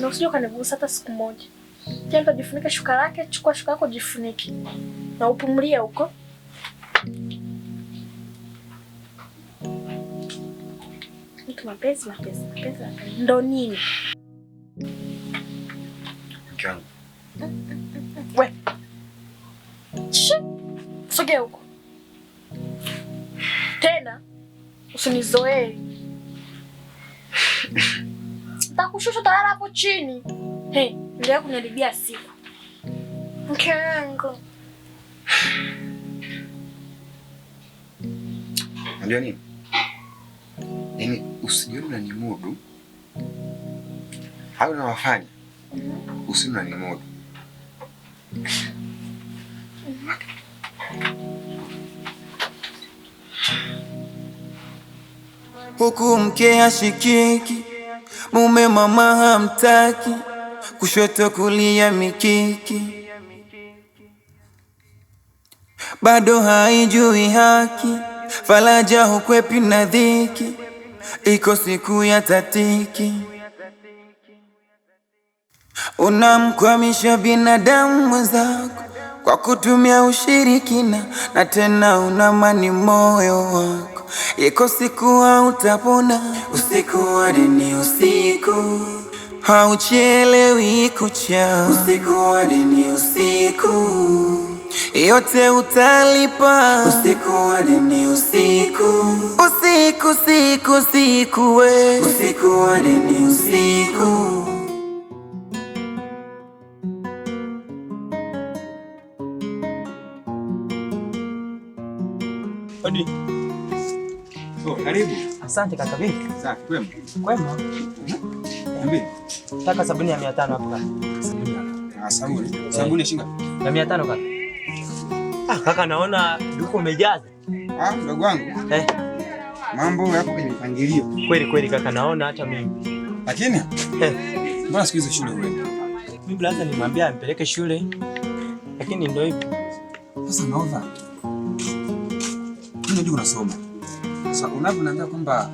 na usije ukanigusa hata siku moja. Kila mtu ajifunike shuka lake, chukua shuka lako jifunike na upumulie huko. Mtu mapenzi, mapenzi, mapenzi ndo nini? We, sogea huko tena, usinizoee Takushusha utalala hapo chini. Hey, ndio kuniharibia siku. Mke wangu. Unajua nini? Yaani usijione unanimudu. Hayo unawafanya. Mm-hmm. Usijione unanimudu. Huku mke ashikiki mume mama hamtaki, kushoto kulia mikiki, bado haijui haki, faraja hukwepi na dhiki, iko siku ya tatiki Unamkwamisha binadamu mwenzako kwa kutumia ushirikina, na tena unamani moyo wako. Iko siku hautapona, usiku wa dini, usiku hauchelewi kucha, usiku wa dini, usiku yote utalipa, usiku wa dini, usiku usiku siku siku we, usiku wa deni, usiku Asante kaka vipi? Safi, kwema. Kwema. Niambie. Taka sabuni ya 500 hapo kaka. Ah, sabuni. Sabuni shilingi ngapi? Ya 500 kaka. Ah, kaka naona duko umejaza. Ah, ndugu wangu. Eh. Mambo yako kwenye mpangilio. Kweli kweli kaka naona hata mimi. Lakini Eh. mbona siku hizo shule uende? Mimi brother nimwambia ampeleke shule. Lakini ndio hivyo. Sasa naona. Unajua unasoma. Sasa unavyoniambia kwamba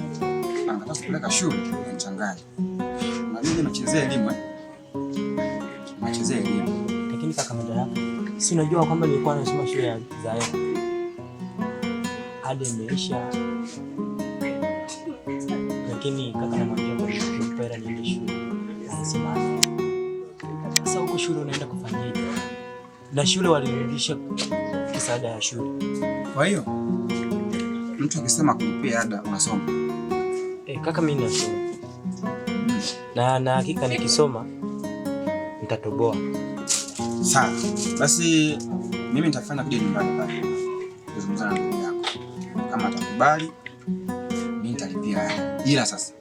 anataka kupeleka shule mchangani, na mimi nachezea elimu, eh. Nachezea elimu. Lakini kaka Mandala, si unajua kwamba nilikuwa nasoma shule ya Zayo hadi imeisha, lakini kaka namwambia mpera niende shule, Nasema. sasa, huko shule unaenda kufanyaje? Na shule walirudisha kisaada ya shule, kwa hiyo mtu akisema kulipia ada unasoma. Eh, kaka mimi nasoma. Na na hakika nikisoma nitatoboa. Sawa. Basi mimi nitafanya kuja nyumbani pale. Kuzungumza na yako. Kama atakubali mimi nitalipia ada. Ila sasa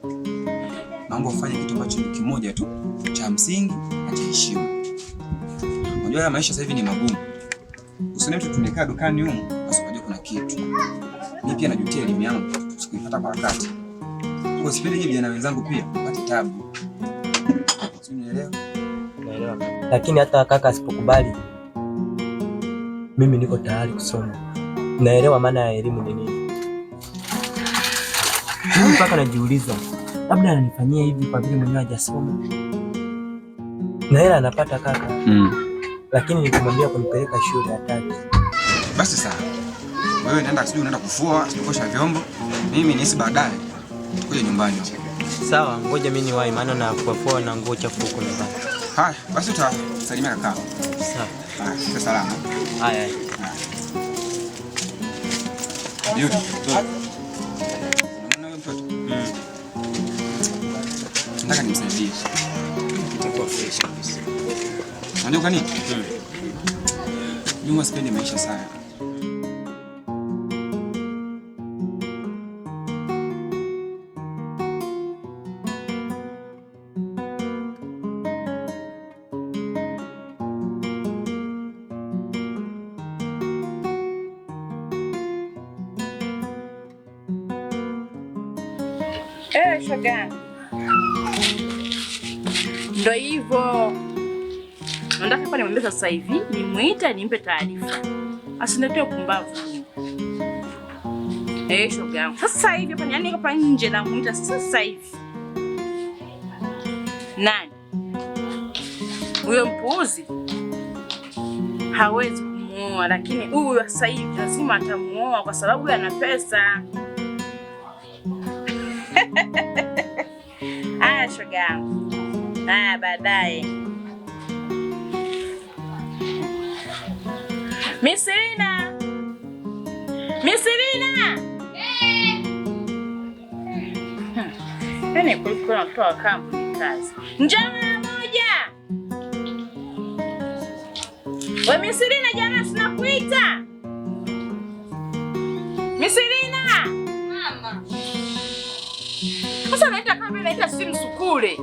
naomba ufanye kitu ambacho ni kimoja tu cha msingi na cha heshima. Unajua maisha sasa hivi ni magumu. Usinitu tunekaa dukani huko pia najutia elimu yangu sikuipata kwa wakati. Kwa sipendi hivi vijana wenzangu pia wapate tabu. Unielewa? Naelewa. Lakini hata kaka asipokubali, mimi niko tayari kusoma. Naelewa maana ya elimu ni nini. Mpaka najiuliza labda ananifanyia hivi kwa vile mwenyewe hajasoma na hela anapata kaka, mm. Lakini nikimwambia kunipeleka shule hataki. Basi sawa wewe nenda sijui unaenda kufua sijui kuosha vyombo, mimi nihisi baadaye tukuje nyumbani. Sawa, ngoja mimi niwahi, maana na kufua na nguo chafu huko nyumbani. Haya basi, utasalimia kaka. Sawa, salama. Haya, hmm. nataka nimsaidie, itakuwa fresh kabisa. Unajua kwa nini? Juma, hmm. sipendi maisha sana hivyo. Nataka kwa mwambie sasa hivi nimwita nimpe taarifa. Asiniletee kumbavu. Eh, shoga yangu. Sasa hivi hapa yani hapa nje na muita sasa hivi. Nani? Huyo mpuuzi hawezi kumuoa, lakini huyu sasa hivi lazima atamuoa kwa sababu ana pesa. Aya, shoga yangu. Haya, baadaye. Misirina, Misirina, yaani kuliko natoa wakambu ni kazi. Njoo mara moja. We Misirina, jana sinakuita Misirina. Mama. Sasa naita kambi, naita si msukule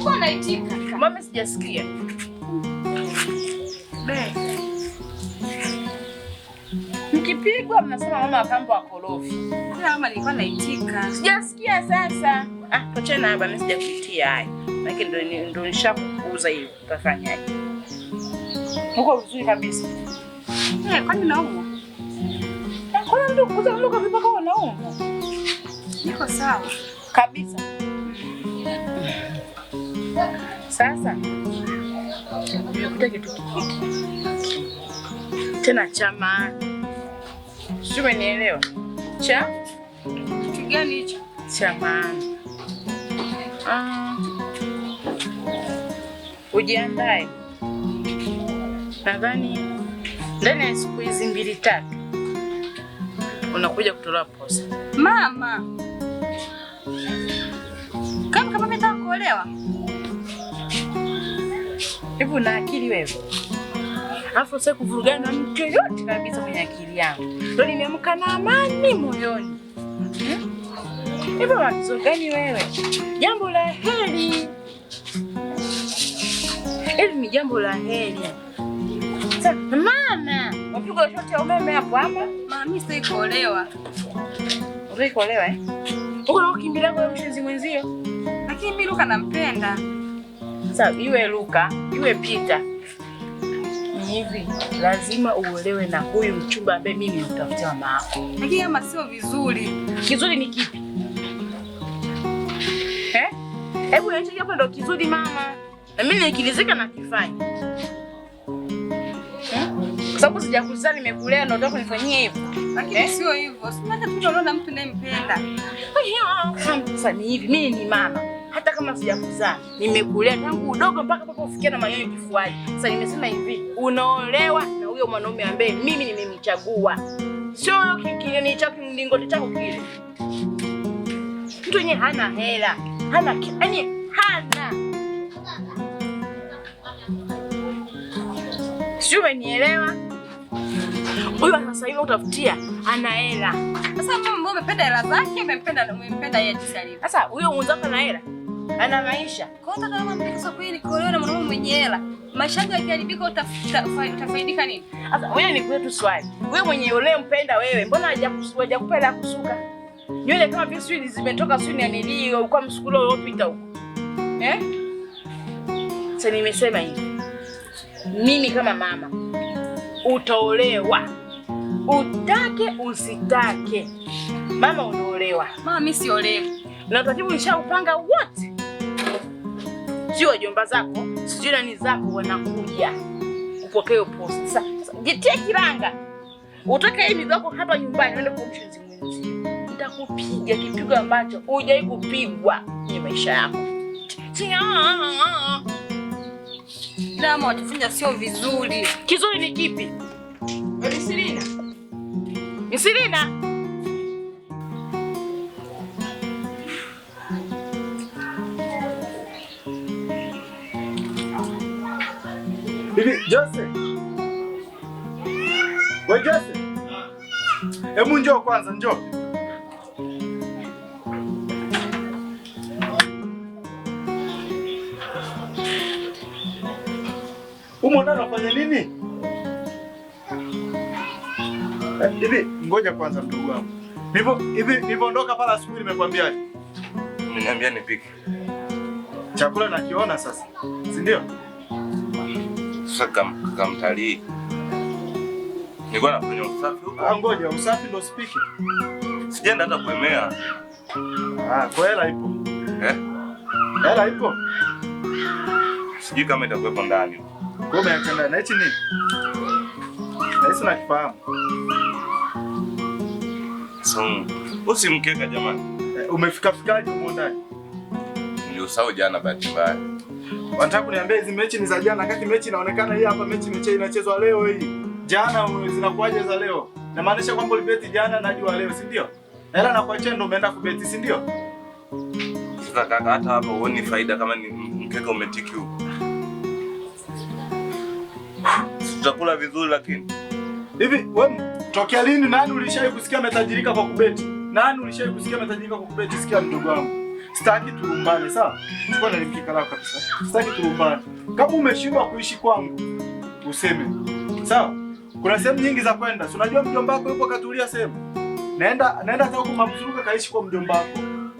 Alikuwa anaitika. Mama sijasikia. Nikipigwa mnasema mama akambo akorofi. Mama nilikuwa naitika. Sijasikia sasa. Ah, pochana hapa mimi sijakuitia haya. Lakini ndio ndio hiyo utafanyaje? Uko vizuri kabisa. Eh, kwani naumwa? Eh, kwani mtu kukuza mlo kwa vipaka unaumwa? Niko sawa. Kabisa. Sasa nimekuta kitu tena chama, sio? Umenielewa? cha kitu gani hicho cha maana? Ah, ujiandae. Nadhani ndani ya siku hizi mbili tatu unakuja kutolewa posa. Mama, kama kama mtakuolewa Hebu na akili wewe. Alafu sasa kuvurugana na mtu yote kabisa kwenye akili yangu. Ndio nimeamka na amani moyoni. Hebu wazo gani wewe? Jambo la heri. Hili ni jambo la heri. Sasa mama, wapiga shoti ya umeme hapo hapa. Mama mimi sikuolewa. Ulikolewa eh? Uko na ukimbilia kwa mshenzi mwenzio. Lakini mimi Luka nampenda sasa iwe Luka iwe Pita, hivi, lazima uolewe na huyu mchumba ambaye mimi nimtafutia mama yako. Lakini kama sio vizuri, kizuri ni kipi? Eh? Hebu acha hapo, ndo kizuri mama, na mimi nikilizika na kifanya eh? kwa sababu sijakuzaa, nimekulea, unataka kunifanyia hivyo? Lakini eh? sio hivyo, hata tu mtu ah, Sasa ni hivi, mimi ni mama hata kama sijakuzaa nimekulea tangu udogo mpaka mpaka ufikia na manyoya kifuani. Sasa nimesema hivi, unaolewa na huyo mwanaume ambaye mimi nimemchagua, sio kingine cha mlingoti chako kile. Mtu yeye hana hela, hana yani, hana sio, umenielewa? Huyu sasa hivi utafutia ana hela. Sasa mbona umependa hela zake, umempenda umempenda yeye jinsi Sasa huyo mwenzako ana hela ana maisha Kwa hiyo kama kweli kuolewa na mwanaume mwenye hela, maisha yako yakiharibika, utafaidika nini? Sasa wewe ni kwetu swali, wewe mwenye ule mpenda wewe, mbona hajakusuja hela kusuka nywele kama vile sijui zimetoka ni nanilii kwa msukulo uliopita huko eh? Sasa nimesema hivi, mimi kama mama utaolewa, utake usitake, mama unaolewa. Mama mimi siolewi, na utaratibu nishaupanga wote sijui wajomba zako sijui nani zako wanakuja upokee post. Sasa jitie kiranga, utoke hivi zako hapa nyumbani uende kwa mshenzi mwenzi, nitakupiga kipigo ambacho hujai kupigwa kwenye maisha yako. Lama watafanya sio vizuri. Kizuri ni kipi? Misilina, Misilina Bibi Jose. We Jose. Hebu njoo kwanza, njoo. Umo ndani unafanya nini? Hivi eh, ngoja kwanza ndugu wangu. Nipo hivi nilipoondoka pala siku nimekwambia. Niambia nipike. Chakula nakiona sasa. Si ndio? kaka mtalii. Nilikuwa nafanya usafi huko. Ah, ngoja, usafi ndo spiki. Sijaenda hata kuemea. Ah, kwa hela ipo. Eh? Hela ipo. Sijui kama itakuwepo ndani. Kwa Na hichi nini? Na nakifahamu. So, usimkeka jamani. Eh, umefika fikaje huko ndani? Niliusahau jana bahati mbaya. Wanataka kuniambia hizi mechi ni za jana, kati mechi inaonekana hii hapa mechi mechi inachezwa leo hii. Jana zinakuwaje za leo? Na maanisha kwamba ulibeti jana na jua leo, si ndio? Na hela nakuachia ndio umeenda kubeti, si ndio? Sasa kaka, hata hapo huoni faida kama ni mkeka umetiki huko. Tutakula vizuri lakini. Hivi wewe tokea lini nani ulishai kusikia ametajirika kwa kubeti? Nani ulishai kusikia ametajirika kwa kubeti? Sikia mdogo wangu. Sitaki tulumbane, sawa? Chukua na lipika lako kabisa. Sitaki tulumbane. Kama umeshindwa kuishi kwangu, useme. Sawa? Kuna sehemu nyingi za kwenda. Si unajua mjomba wako yupo katulia sehemu. Naenda naenda hata huko mabzuruka kaishi kwa mjomba wako.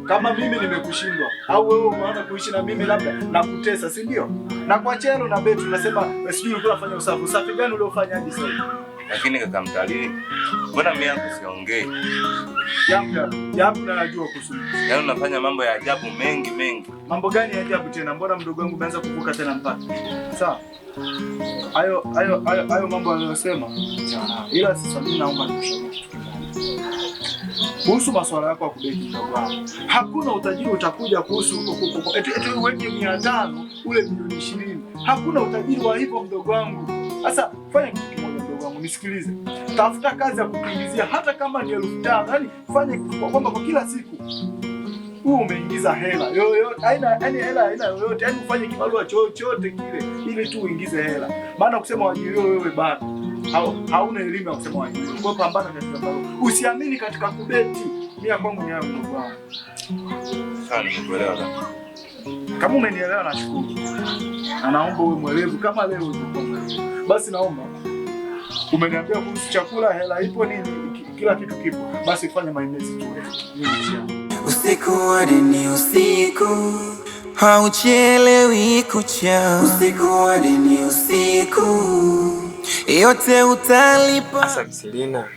Kama mimi nimekushindwa au wewe umeanza kuishi na mimi labda na kutesa, si ndio? Na kwa chelo na betu nasema eh, sijui ulikuwa unafanya usafi. Usafi gani uliofanya hadi sasa? Lakini kaka mtalii, mbona mimi yangu siongei? Najua yaani unafanya mambo ya ajabu mengi mengi. Mambo gani ya ajabu tena? Mbona mdogo wangu umeanza kuvuka tena mpaka? Sawa. Hayo hayo hayo mambo aliyosema. Ila sasa mimi naomba nikushauri. Kuhusu masuala yako ya kubeki mdogo wangu. Hakuna utajiri utakuja kuhusu huko. Eti eti uweke 500 ule milioni 20. Hakuna utajiri wa hivyo mdogo wangu. Sasa fanya kitu nisikilize, tafuta kazi ya kukimbizia, hata kama ni elfu tano yani fanye kwamba kwa kila siku huu umeingiza hela yoyote, aina yani hela aina yoyote, yani ufanye kibarua chochote kile, ili tu uingize hela. Maana kusema waajiriwe wewe bado hauna elimu ya kusema waajiriwe. Kwa pambana katika barua, usiamini katika kubeti. Mia kwangu ni hayo kama umenielewa, nashukuru. Anaomba uwe mwelevu kama leo, basi naomba Umeniambia kuhusu chakula, hela ipo, nini, kila kitu kipo. Basi fanya maemezi tu. Usiku wa ni usiku hauchelewi kucha. Usiku wa ni usiku yote utalipa. Asa Mselina,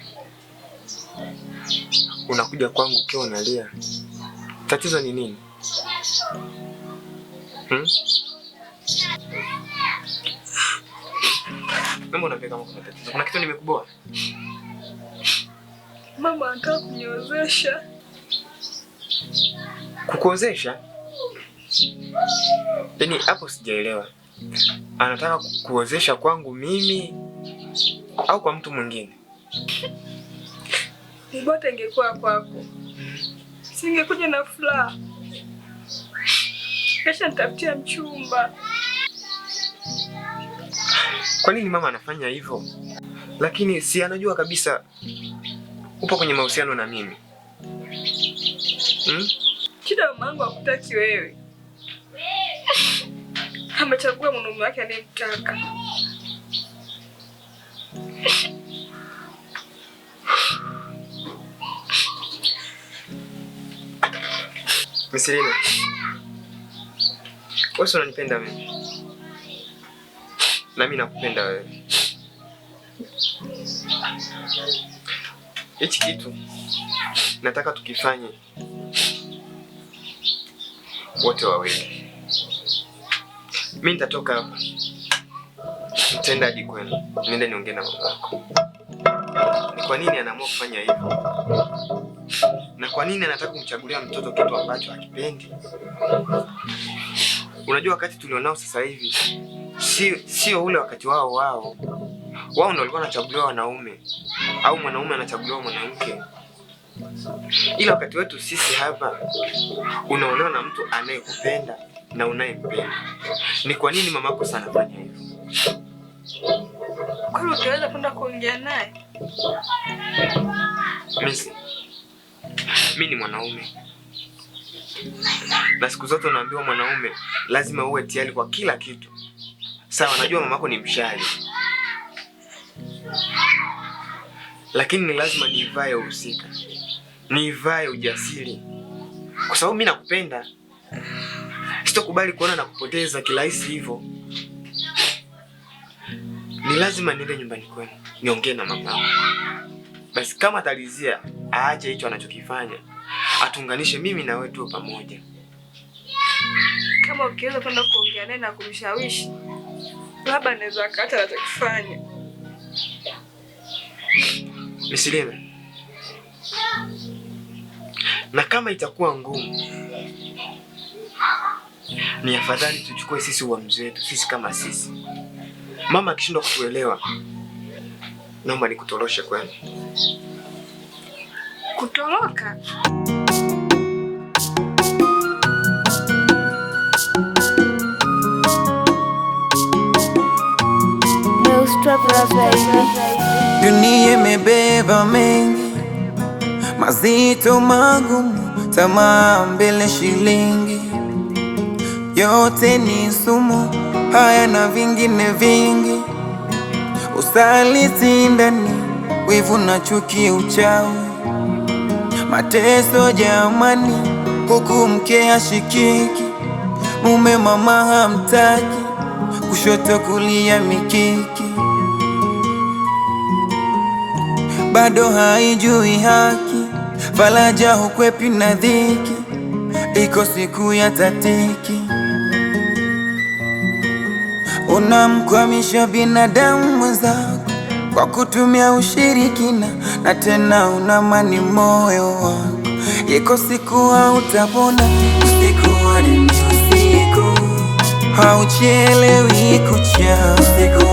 unakuja kwangu ukiwa unalia, tatizo ni nini? Hmm? Mama unaongea kama kuna tatizo. Kuna kitu nimekuboa? Mama anataka kuniozesha. Kukuozesha? Yaani hapo sijaelewa. Anataka kukuozesha kwangu mimi au kwa mtu mwingine? Mbona ingekuwa kwako? Singekuja na furaha. Kesha nitafutia mchumba. Kwa nini mama anafanya hivyo? Lakini si anajua kabisa upo kwenye mahusiano na mimi hmm? Shida mama yangu hakutaki wewe, amechagua mwanaume wake anayemtaka. Misirina, wewe unanipenda mimi? na mimi nakupenda wewe. Hichi kitu nataka tukifanye wote wawili. Mimi nitatoka hapa, nitaenda hadi kwenu, niende niongee na mama yako. kwa nini anaamua kufanya hivyo, na kwa nini anataka kumchagulia mtoto kitu ambacho hakipendi? Unajua wakati tulionao sasa hivi sio sio ule wakati wao wao wao ndio walikuwa wanachaguliwa wanaume au mwanaume anachaguliwa mwanamke, ila wakati wetu sisi hapa unaolewa na mtu anayekupenda na unayempenda. Ni kwa nini mamako sana fanya hivyo? Kwani utaweza kwenda kuongea naye? Mimi ni mwanaume na siku zote unaambiwa mwanaume lazima uwe tayari kwa kila kitu Sawa, najua mamako ni mshari, lakini ni lazima nivae uhusika, nivae ujasiri, kwa sababu mi nakupenda. Sitokubali kuona na kupoteza kirahisi hivyo. Ni lazima niende nyumbani kwenu niongee na mamako, basi kama atalizia aache hicho anachokifanya, atunganishe mimi na wewe tuwe pamoja. Kama ukiweza kwenda kuongea naye na kumshawishi baba anaweza akata anachokifanya. Misilina, na kama itakuwa ngumu, ni afadhali tuchukue sisi uamuzi wetu sisi kama sisi. Mama akishindwa kutuelewa, naomba nikutoroshe kwenu kutoroka Dunia imebeba mengi mazito magumu, tamaa mbele, shilingi yote ni sumu, haya na vingine vingi, usaliti ndani, wivu na chuki, uchawi, mateso jamani, huku mke ashikiki, mume mama hamtaki, kushoto kulia mikiki bado haijui haki, faraja hukwepi na dhiki, iko siku ya tatiki. Unamkwamisha binadamu mwenzako kwa kutumia ushirikina, na tena unamani moyo wako, iko siku hautapona, usiku hadi usiku hauchelewi kucha usiku